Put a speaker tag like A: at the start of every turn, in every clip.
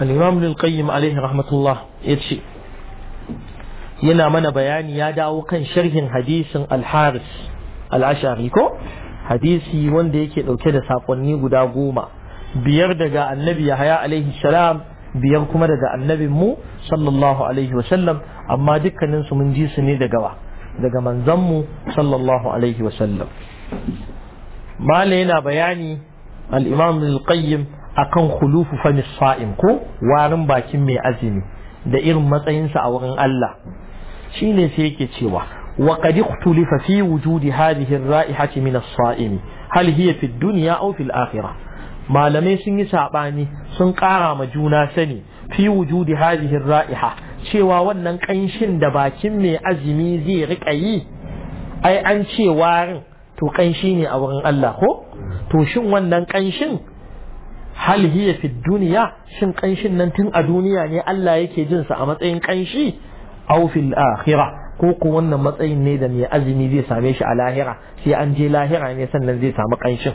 A: alimam imam ibn qayyim alaihi rahmatullah yana mana bayani ya dawo kan sharhin hadisin alharis haris ko hadisi wanda yake dauke da sakonni guda goma biyar daga annabi Yahaya alaihi salam biyar kuma daga annabin mu sallallahu alaihi wa sallam amma dukkanin su mun ji su ne daga wa daga manzanmu sallallahu alaihi wa sallam mala yana bayani alimam imam akan khulufu famis sa'im ko warin bakin mai azumi da irin matsayinsa a wurin Allah shine sai yake cewa wa qad ikhtulifa fi wujudi hadhihi ar-ra'ihati min as-sa'imi hal hiya fi dunya aw akhirah malamai sun yi sabani sun kara ma juna sani fi wujudi hadhihi raiha cewa wannan kanshin da bakin mai azumi zai rika yi ai an ce warin to kanshi ne a wurin Allah ko to shin wannan kanshin hal hiya fi duniya shin kanshin nan tun a duniya ne Allah yake jin sa a matsayin kanshi aw fil akhirah ko ko wannan matsayin ne da mai azumi zai same shi a lahira sai an je lahira ne sannan zai samu kanshin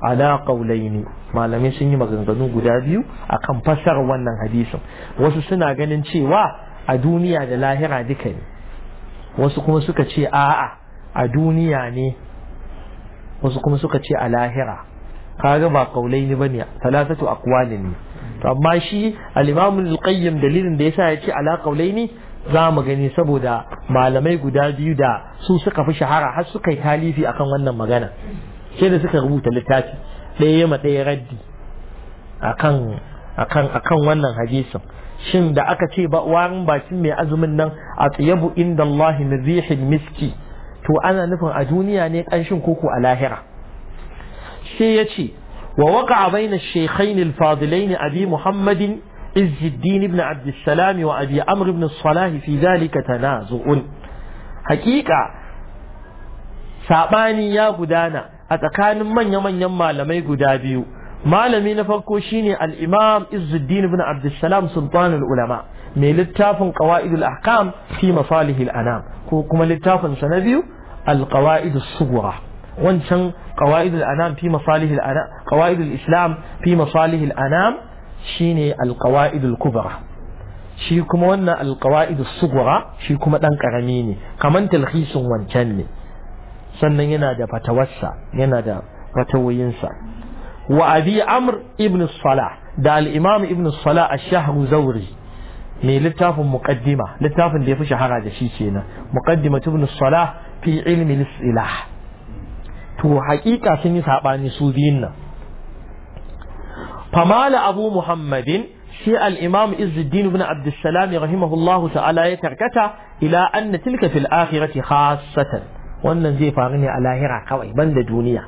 A: ala qaulaini malamai sun yi maganganu guda biyu akan fassar wannan hadisin wasu suna ganin cewa a duniya da lahira duka ne wasu kuma suka ce a'a a duniya ne wasu kuma suka ce a lahira kaga ba ne bane salasatu aqwali ne to amma shi al-imam al-qayyim dalilin da yasa yace ala ne za mu gani saboda malamai guda biyu da su suka fi shahara har suka yi talifi akan wannan magana sai da suka rubuta littafi ɗaya ma ɗaya raddi akan akan akan wannan hadisin shin da aka ce ba warin bakin mai azumin nan a tsayabu inda Allah na miski to ana nufin a duniya ne kanshin koko a lahira sai ya ce wa waka baina shaykhain عز الدين بن عبد السلام وأبي أمر بن الصلاح في ذلك تنازع حقيقة ساباني يا قدانا أتكان من يمن يما لمي غدابيو ما لم نفرقو شيني الإمام عز الدين بن عبد السلام سلطان العلماء من لتاف قواعد الأحكام في مصالح الأنام كما لتاف سنبيو القواعد الصغرى wancan qawaidul fi islam fi masalihil anam shine alqawaidul kubra shi kuma wannan alqawaidus sugura shi kuma dan karami ne kaman talhisin wancan ne sannan yana da fatawarsa yana da fatawoyinsa wa abi amr ibn salah da al-imam ibn salah a shahru zawri mai littafin muqaddima littafin da ya fi shahara da shi kenan Muƙaddimatu ibn salah fi ilmi al to hakika sun yi saɓani su biyun nan famala abu muhammadin sai al-imam izzuddin ibn abdussalam rahimahullahu ta'ala ya tarkata ila anna tilka fil akhirati khassatan wannan zai faru ne a lahira kawai banda duniya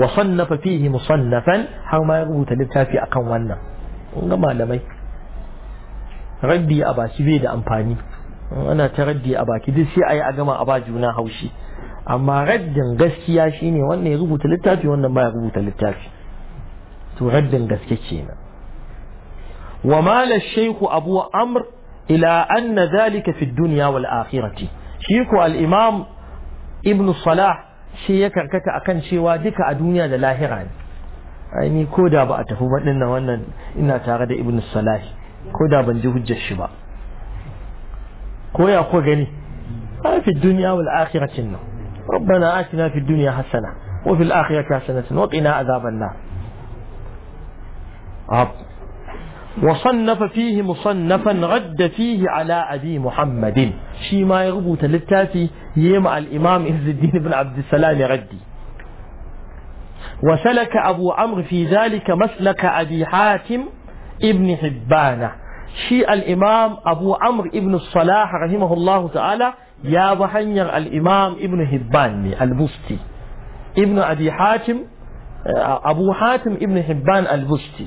A: wa sannafa fihi musannafan har ma ya rubuta littafi akan wannan kun ga malamai raddi a baki bai da amfani ana ta raddi a baki duk sai yi a gama a ba juna haushi amma raddin gaskiya shine wannan ya rubuta littafi wannan baya rubuta littafi to raddin gaske kenan wa mala shaykhu abu amr ila anna dhalika fi dunya wal akhirati shi al imam ibn salah shi ya karkata akan cewa duka a duniya da lahira ne ai ni ko da ba a tafi waɗannan wannan ina tare da ibn salah ko da ban ji hujjar shi ba ko ya ko gani fi dunya wal akhiratin nan ربنا آتنا في الدنيا حسنة وفي الآخرة حسنة وقنا عذاب النار وصنف فيه مصنفا رد فيه على أبي محمد شي ما يغبو تلتاتي يمع الإمام عز الدين بن عبد السلام ردي وسلك أبو عمرو في ذلك مسلك أبي حاتم ابن حبانة شيء الإمام أبو عمرو ابن الصلاح رحمه الله تعالى يا بحنيا الإمام ابن هبان البستي ابن أبي حاتم أبو حاتم ابن هبان البستي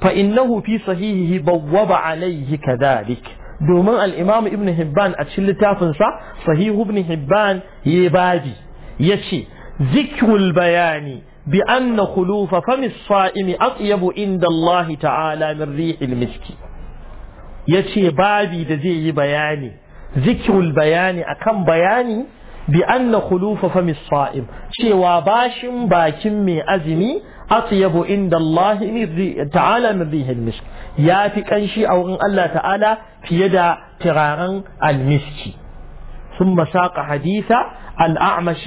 A: فإنه في صحيحه بوب عليه كذلك دوما الإمام ابن هبان أتشل تافنسا صحيح ابن هبان يبادي يشي ذكر البيان بأن خلوف فم الصائم أطيب عند الله تعالى من ريح المسكين ya ce babi da zai yi bayani zikirul bayani akan bayani bi anna khulufa fami sa'im cewa bashin bakin mai azumi atyabu inda Allah ta'ala min rihil misk ya fi kanshi a wurin Allah ta'ala fiye da turaren almiski ثم ساق حديث الأعمش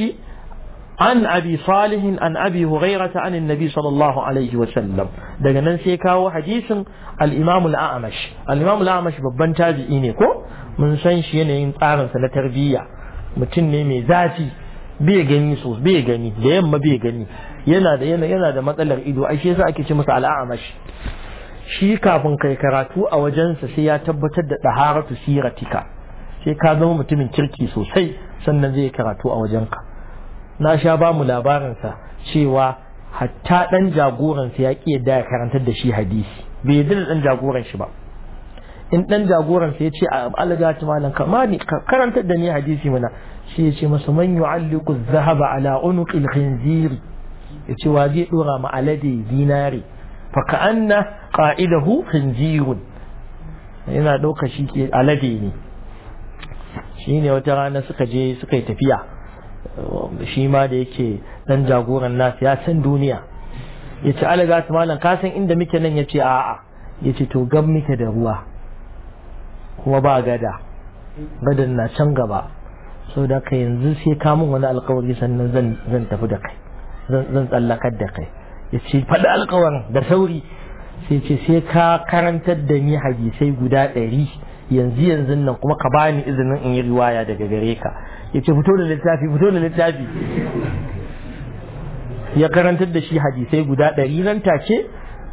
A: an abi salihin an abi hurairata an annabi sallallahu alaihi wa sallam daga nan sai kawo hadisin al-imam al-a'mash al-imam al-a'mash babban tabi'i ne ko mun san shi yanayin tsarin sa na tarbiyya mutum ne mai zafi bai gani so bai gani da yamma bai gani yana da yana yana da matsalar ido ai sai yasa ake ce masa al-a'mash shi kafin kai karatu a wajensa sai ya tabbatar da daharatu siratika sai ka zama mutumin kirki sosai sannan zai karatu a wajenka na sha ba mu labarinsa cewa hatta ɗan jagoransa ya ƙi yadda ya karantar da shi hadisi bai yadda da ɗan jagoran shi ba in ɗan jagoransa ya ce a malam kama ne karantar da ni hadisi mana shi ya ce masa man yu'alliqu dhahaba ala unuqil khinziri ya ce wa zai dora ma alade dinari fa ka'anna qa'idahu khinzirun yana ɗauka shi ke alade ne shine wata rana suka je suka yi tafiya shi ma da yake dan jagoran nasu ya duniya ya ce alaga su malam ka san inda muke nan ya ce a'a ya ce to gab muke da ruwa kuma ba gada gadan na can gaba so da ka yanzu sai ka min wani alkawari sannan zan zan tafi da kai zan tsallakar da kai ya ce faɗi alkawarin da sauri sai ce sai ka karantar da ni hadisai guda ɗari yanzu yanzu nan kuma ka bani izinin in yi riwaya daga gare ka ya ce fito da littafi fito da littafi ya karantar da shi hadisai guda ɗari nan take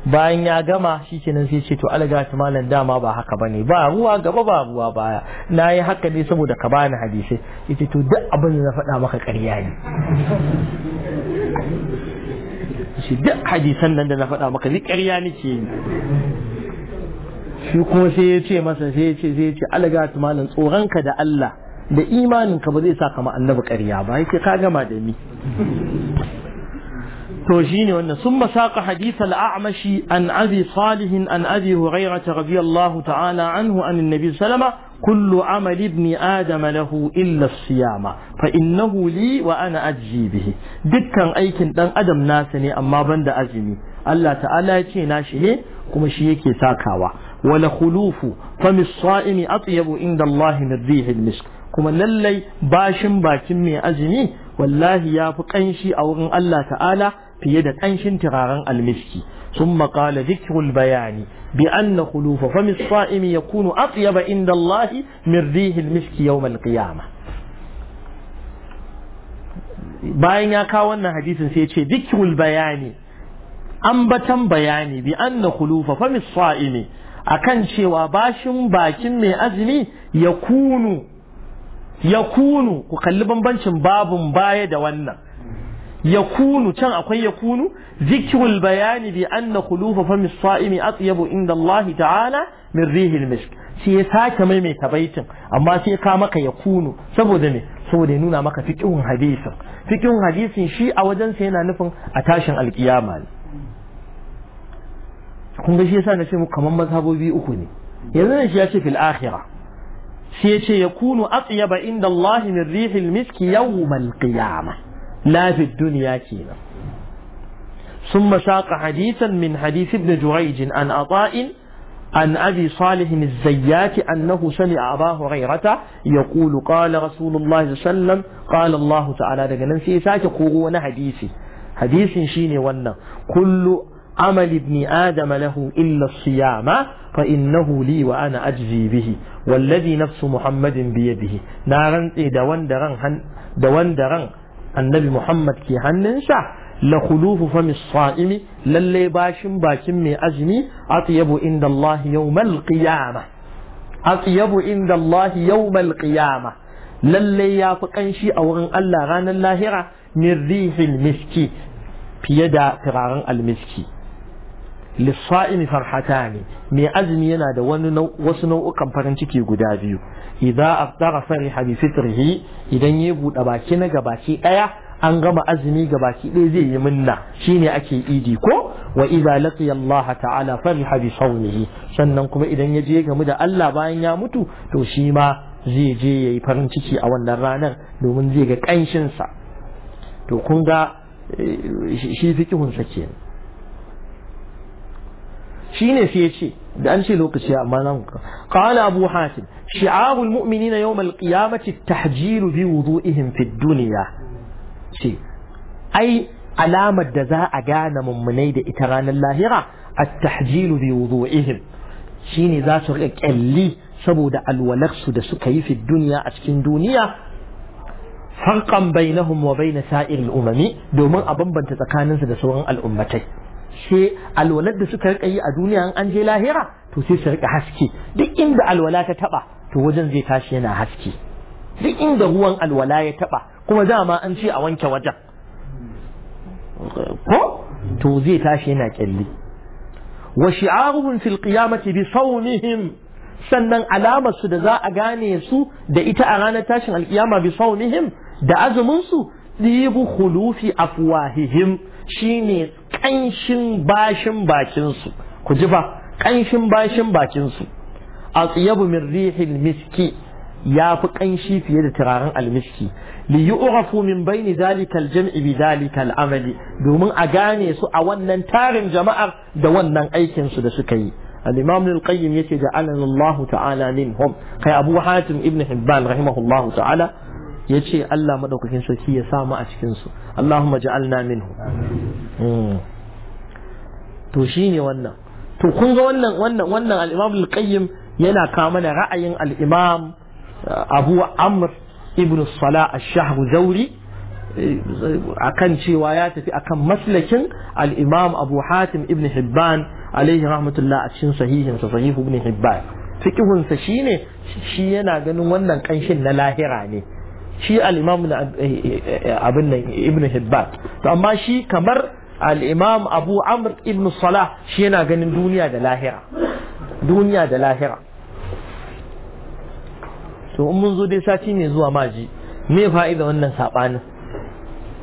A: bayan ya gama shi nan sai ce to ta malam dama ba haka bane ba ruwa gaba ba ruwa baya na yi haka ne saboda ka bani hadisai yace to duk abin da na faɗa maka ƙarya ne shi duk hadisan nan da na faɗa maka ni ƙarya ke yi shi kuma sai ya ce masa sai ya ce sai ya ce ta malam tsoronka da Allah da imaninka ba zai sa kama annabi ƙarya ba yake ka gama da ni to shine wannan summa saqa hadith al-a'mashi an abi salih an abi hurairah radiyallahu ta'ala anhu an annabi sallama kullu amali ibn adam lahu illa as-siyama fa innahu li wa ana ajzi bihi dukkan aikin dan adam nasa ne amma banda azumi Allah ta'ala ya ce nashi ne kuma shi yake sakawa wala khulufu fa mis-sa'imi atyabu inda Allah min rihil misk kuma lallai bashin bakin mai azumi wallahi ya fi ƙanshi a wurin Allah ta'ala fiye da ƙanshin turaren almiski sun maƙala zikirul bayani bi an na kulufa ya kunu atyaba inda Allah min rihil miski yau qiyama bayan ya kawo wannan hadisin sai ce zikirul bayani ambatan bayani bi an na kulufa famis sa'imi akan cewa bashin bakin mai azumi ya kunu yakunu ku kalli bambancin babun baya da wannan yakunu can akwai yakunu zikrul bayani bi anna khulufa fami sa'imi atyabu inda Allah ta'ala min rihil misk shi ya sake mai mai tabaitin amma sai ka maka yakunu saboda me saboda ya nuna maka fiqhun hadisin fiqhun hadisin shi a wajen sa yana nufin a tashin alkiyama ne kun ga shi yasa na ce mu kaman mazhabobi uku ne yanzu ne shi ya ce fil akhirah sai ya ce ya kunu atsiya ba inda Allah min rihil miski qiyama lafi duniya ke nan sun mashaƙa hadisan min hadisi ibn juraijin an atsa'in an abi salihin zayyaki annahu sani a ba hurairata ya kulu ƙala rasulullahi Allah ta'ala daga nan sai ya sake kogo wani hadisi hadisin shine wannan kullu عمل ابن آدم له إلا الصيام فإنه لي وأنا أجزي به والذي نفس محمد بيده نارن إيه، دوان درن دوان درن النبي محمد كي هننشا لخلوف فم الصائم للي باشم باشم مي أجمي أطيب عند الله يوم القيامة أطيب عند الله يوم القيامة للي يا فقنشي أو أن الله غان اللاهرة من ريح المسكي بيدا يد المسكي lissa'imi farhatani mai azumi yana da wasu nau'ukan farin ciki guda biyu a aftara farin bi fitrihi idan ya buɗe baki na gabaki ɗaya, an gama azumi gabaki ɗaya zai yi minna shine ake idi ko wa idza laqiya Allah ta'ala fariha bi sawmihi sannan kuma idan ya je gamu da Allah bayan ya mutu to shi ma zai je yayi farin ciki a wannan ranar domin zai ga kanshin sa to kun ga shi fi sa kenan شيني في شيء بأنشي لوك شيء ما نمك قال أبو حاتم شعار المؤمنين يوم القيامة التحجيل في وضوئهم في الدنيا شيء أي علامة دزاء أجانا من منيد إتران اللاهرة التحجير في وضوئهم شيني ذات رئيك اللي سبود الولقص دسكي في الدنيا أشكين دنيا فرقا بينهم وبين سائر الأمم دوما أبنبنت تكاننس دسوان الأمتين sai alwalar da suka rika yi a duniya an je lahira to sai su rika haske duk inda alwala ta taba to wajen zai tashi yana haske duk inda ruwan alwala ya taba kuma dama an ce a wanke wajen ko to zai tashi yana kyalli wa shi'aruhum fil qiyamati bi sawnihim sannan alamar su da za a gane su da ita a ranar tashin alkiyama bi sawnihim da azumin su dibu khulufi afwahihim shine ƙanshin bashin bakinsu ku ji ba ƙanshin bashin bakinsu a tsiyabu min rihil miski ya fi ƙanshi fiye da turaren almiski li yu'rafu min baini zalika aljam'i bi zalika amali. domin a gane su a wannan tarin jama'ar da wannan aikin su da suka yi al-imam al-qayyim yace ja'alana Allah ta'ala minhum kai abu hatim ibn hibban rahimahullahu ta'ala ya ce Allah maɗaukakin sarki ya samu a cikinsu Allahumma ja'alna minhu hmm. to shi ne wannan to kun ga wannan wannan wannan al-imam al-qayyim yana kama ra'ayin al-imam uh, abu amr ibn salah ash-shahr zawri uh, akan cewa ya tafi akan maslakin al-imam abu hatim ibn hibban alaihi rahmatullah a cikin sahihin sa sahih ibn hibban fiqhun sa shine shi yana ganin wannan kanshin na lahira ne shi al eh, eh, eh, abin nan ibn hibban to amma shi kamar alimam abu amr ibn salah shi yana ganin duniya da lahira duniya da lahira to mun zo dai sati ne zuwa maji me fa'ida wannan saɓanin?